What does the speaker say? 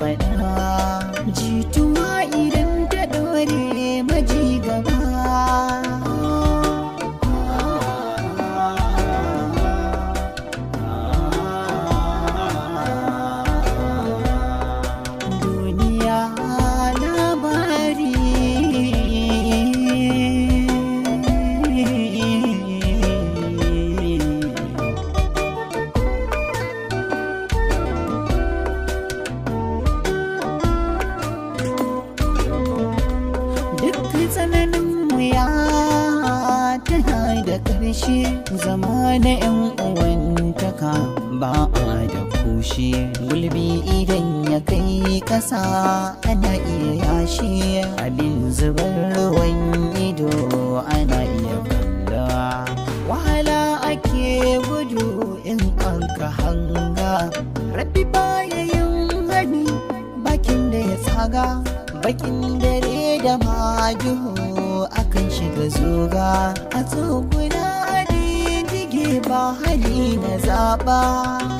faɗa jituwa idan ta ɗore maji wuya tana da ƙarshe zama na 'yan uwantaka ba a da kushe gulbi idan ya kai ƙasa ana iya yashi. abin zubar ruwan ido ana iya kalla wahala ake gudu in an ka hanga rabbi bayayin hani bakin da ya tsaga bakin dare da majuhu shiga zuga a tsoguna da jige ba hali na zaba